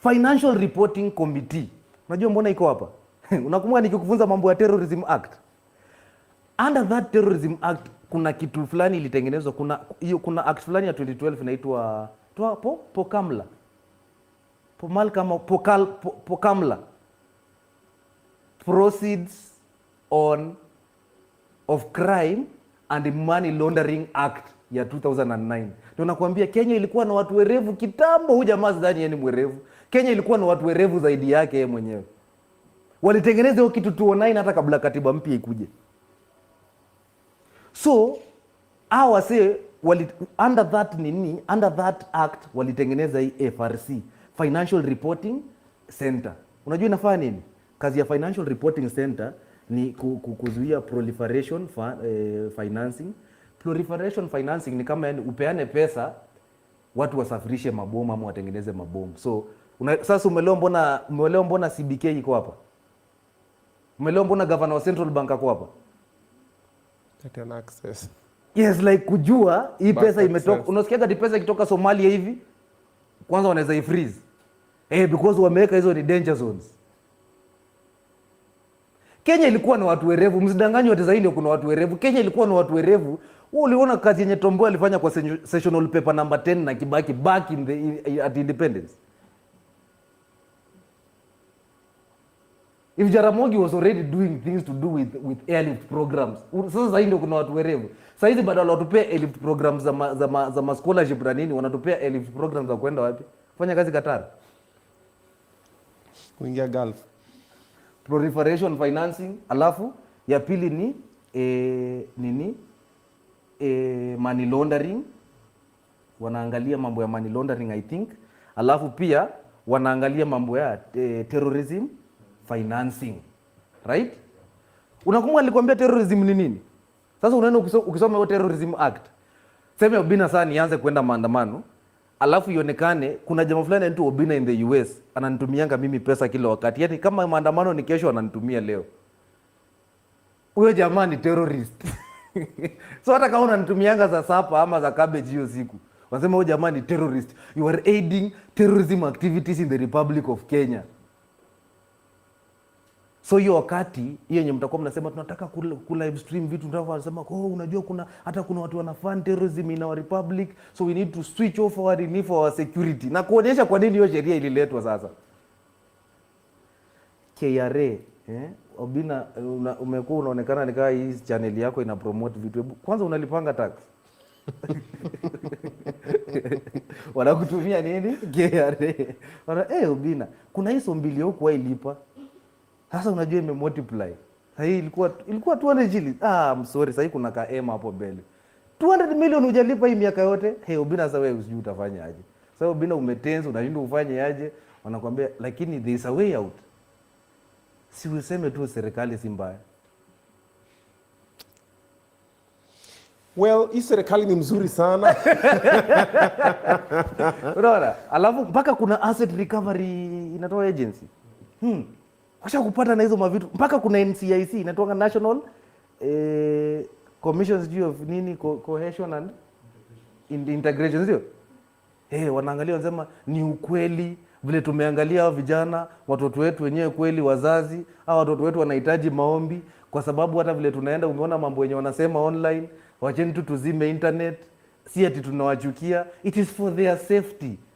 Financial Reporting Committee. Unajua mbona iko hapa? Unakumbuka nikikufunza mambo ya Terrorism Act. Under that Terrorism Act kuna kitu fulani ilitengenezwa, kuna hiyo kuna act fulani ya 2012 inaitwa po Pokamla. Pomal kama Pokal po, Pokamla. Proceeds on of Crime and Money Laundering Act ya 2009 ndio nakwambia, Kenya ilikuwa na watu werevu kitambo. Huyu jamaa sidhani ni mwerevu. Kenya ilikuwa na watu werevu zaidi yake yeye mwenyewe. Walitengeneza hiyo kitu 2009 hata kabla katiba mpya ikuje. So hawa wase wali, under that nini, under that act walitengeneza hii FRC, Financial Reporting Center. Unajua inafanya nini? Kazi ya Financial Reporting Center ni kuzuia proliferation fa, eh, financing Proliferation financing ni kama yani upeane pesa watu wasafirishe mabomu ama watengeneze mabomu. So una, sasa umeleo mbona umeleo mbona CBK iko hapa? Umeleo mbona governor wa Central Bank ako hapa? Tata access. Yes, like kujua hii pesa imetoka. Unasikiaga di pesa ikitoka Somalia hivi kwanza wanaweza ifreeze. Eh, because wameweka hizo ni danger zones. Kenya ilikuwa na watu werevu, msidanganywe. Hata zaidi kuna watu werevu. Kenya ilikuwa na watu werevu wewe uliona kazi yenye Tom alifanya kwa sessional paper number 10 na Kibaki back in the, at independence. If Jaramogi was already doing things to do with, with airlift programs. Sasa hii ndio kuna watu werevu. Sasa hizi bado wanatupea airlift programs za ma, za, ma, za ma scholarship na nini, wanatupea airlift programs za kwenda wapi? Fanya kazi Qatar. Kuingia Gulf. Proliferation financing, alafu ya pili ni eh, nini? eh, money laundering, wanaangalia mambo ya money laundering I think, alafu pia wanaangalia mambo ya eh, terrorism financing right. Unakumbuka nilikwambia terrorism ni nini? Sasa unaenda ukisoma hiyo terrorism act, sema Obina sana nianze kwenda maandamano alafu ionekane kuna jamaa fulani anaitwa Obina in the US ananitumianga mimi pesa kila wakati, yani kama maandamano ni kesho, ananitumia leo. Huyo jamaa ni terrorist. so hata kama unanitumianga za sapa ama za cabbage hiyo siku wanasema huyo jamaa ni terrorist, you are aiding terrorism activities in the Republic of Kenya. So hiyo wakati hiyo yenye mtakuwa mnasema tunataka ku live stream vitu, tunataka oh, unajua kuna hata kuna watu wana fan terrorism in our republic, so we need to switch off our need for our security, na kuonyesha kwa nini hiyo sheria ililetwa sasa KRA Eh, Obina una, umekuwa unaonekana ni kama hii channel yako ina promote vitu. kwanza unalipanga tax? Wanakutumia nini? KRA. Wana eh, hey, Obina, kuna hizo mbili huko ilipa. Sasa unajua ime multiply. Sasa ilikuwa ilikuwa 200 jili. Ah, I'm sorry, sasa kuna ka M hapo mbele. 200 million hujalipa hii miaka yote. Hey, Obina sasa wewe usijui utafanya aje. Sasa Obina umetenza unashindwa ufanye aje? Wanakuambia lakini there is a way out. Si useme tu serikali si mbaya. Well, hii serikali ni mzuri sana. Unaona? Alafu mpaka kuna asset recovery inatoa agency. Hmm. Kisha kupata na hizo mavitu mpaka kuna NCIC inatoa National eh, Commissions juu of nini co cohesion and integration sio? Eh, wanaangalia wanasema ni ukweli vile tumeangalia hao vijana, watoto wetu wenyewe, kweli wazazi au watoto wetu wanahitaji maombi, kwa sababu hata vile tunaenda, umeona mambo yenye wanasema online, wacheni tu tuzime internet, si ati tunawachukia, it is for their safety.